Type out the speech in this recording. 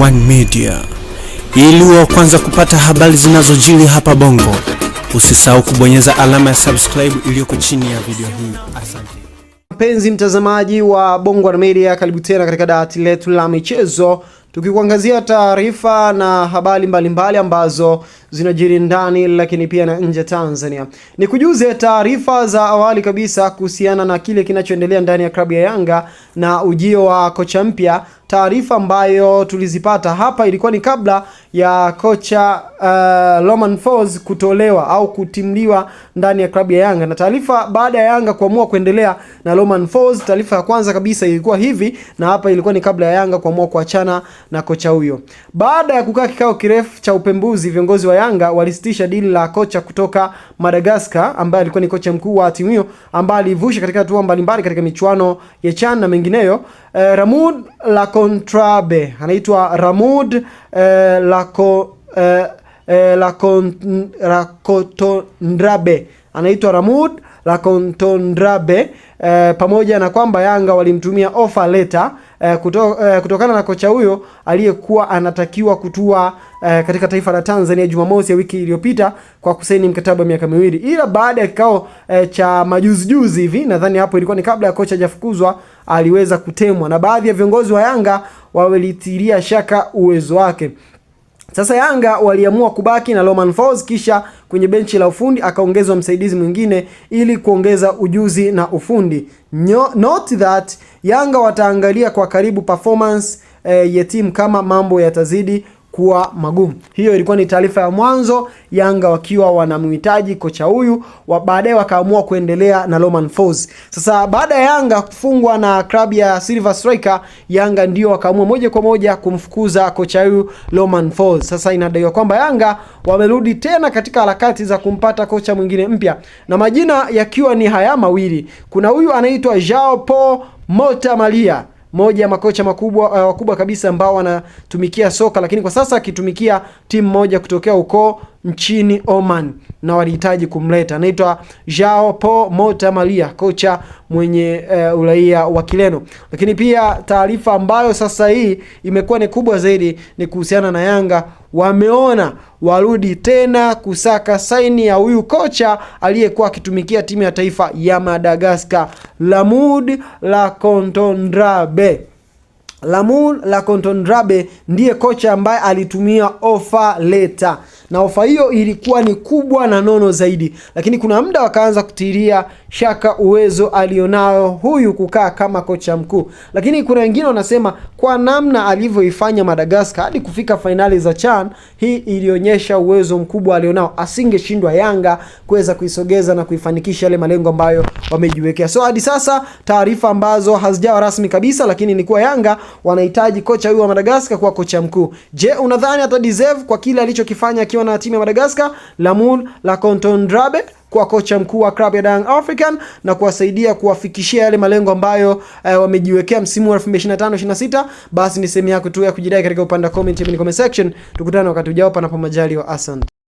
One Media ili wa kwanza kupata habari zinazojiri hapa Bongo. Usisahau kubonyeza alama ya subscribe iliyoko chini ya video hii. Asante mpenzi mtazamaji wa Bongo One Media, karibu tena katika dawati letu la michezo tukikuangazia taarifa na habari mbalimbali ambazo zinajiri ndani lakini pia na nje Tanzania. Ni kujuze taarifa za awali kabisa kuhusiana na kile kinachoendelea ndani ya klabu ya Yanga na ujio wa kocha mpya. Taarifa ambayo tulizipata hapa ilikuwa ni kabla ya kocha uh, Romain Folz kutolewa au kutimliwa ndani ya klabu ya Yanga, na taarifa baada ya Yanga kuamua kuendelea na Romain Folz. Taarifa ya kwanza kabisa ilikuwa hivi, na hapa ilikuwa ni kabla ya Yanga kuamua kuachana na kocha huyo. Baada ya kukaa kikao kirefu cha upembuzi, viongozi wa Yanga walisitisha dili la kocha kutoka Madagascar ambaye alikuwa ni kocha mkuu wa timu hiyo ambaye alivusha katika hatua mbalimbali katika michuano ya CHAN na mengineyo. Eh, Ramud la Contrabe anaitwa Ramud eh, la ko, eh, eh, la Kotondrabe anaitwa Ramud la Contondrabe eh, pamoja na kwamba Yanga walimtumia offer letter e, kuto, e, kutokana na kocha huyo aliyekuwa anatakiwa kutua e, katika taifa la Tanzania Jumamosi ya wiki iliyopita kwa kusaini mkataba wa miaka miwili, ila baada ya kikao e, cha majuzi juzi hivi, nadhani hapo ilikuwa ni kabla ya kocha hajafukuzwa, aliweza kutemwa na baadhi ya viongozi wa Yanga wawelitilia shaka uwezo wake. Sasa Yanga waliamua kubaki na Romain Folz, kisha kwenye benchi la ufundi akaongezwa msaidizi mwingine ili kuongeza ujuzi na ufundi. Note that Yanga wataangalia kwa karibu performance eh, ya timu kama mambo yatazidi kuwa magumu. Hiyo ilikuwa ni taarifa ya mwanzo, Yanga wakiwa wanamhitaji kocha huyu wa baadaye, wakaamua kuendelea na Romain Folz. Sasa baada ya Yanga kufungwa na klabu ya Silver Striker, Yanga ndio wakaamua moja kwa moja kumfukuza kocha huyu Romain Folz. Sasa inadaiwa kwamba Yanga wamerudi tena katika harakati za kumpata kocha mwingine mpya, na majina yakiwa ni haya mawili, kuna huyu anaitwa Jao Paul Mota Maria moja ya makocha makubwa uh, wakubwa kabisa ambao wanatumikia soka, lakini kwa sasa akitumikia timu moja kutokea ukoo nchini Oman na walihitaji kumleta. Anaitwa Joao Paul Mota Maria, kocha mwenye e, uraia wa Kireno. Lakini pia taarifa ambayo sasa hii imekuwa ni kubwa zaidi ni kuhusiana na Yanga wameona warudi tena kusaka saini ya huyu kocha aliyekuwa akitumikia timu ya taifa ya Madagascar, Lamud Lacontondrabe la kontondrabe ndiye kocha ambaye alitumia ofa leta, na ofa hiyo ilikuwa ni kubwa na nono zaidi, lakini kuna muda wakaanza kutilia shaka uwezo alionao huyu kukaa kama kocha mkuu. Lakini kuna wengine wanasema kwa namna alivyoifanya Madagascar hadi kufika fainali za CHAN, hii ilionyesha uwezo mkubwa alionao, asingeshindwa Yanga kuweza kuisogeza na kuifanikisha yale malengo ambayo wamejiwekea. So hadi sasa taarifa ambazo hazijawa rasmi kabisa, lakini ni kuwa Yanga wanahitaji kocha huyu wa Madagascar kuwa kocha mkuu. Je, unadhani hata deserve kwa kile alichokifanya akiwa na timu ya Madagascar? Lamine Lacontondrabe kuwa kocha mkuu wa klabu ya Young African na kuwasaidia kuwafikishia yale malengo ambayo eh, wamejiwekea msimu wa 2025 26. Basi ni sehemu yako tu ya kujidai katika upande wa comment, comment section. Tukutane wakati ujao, panapo wa Asante.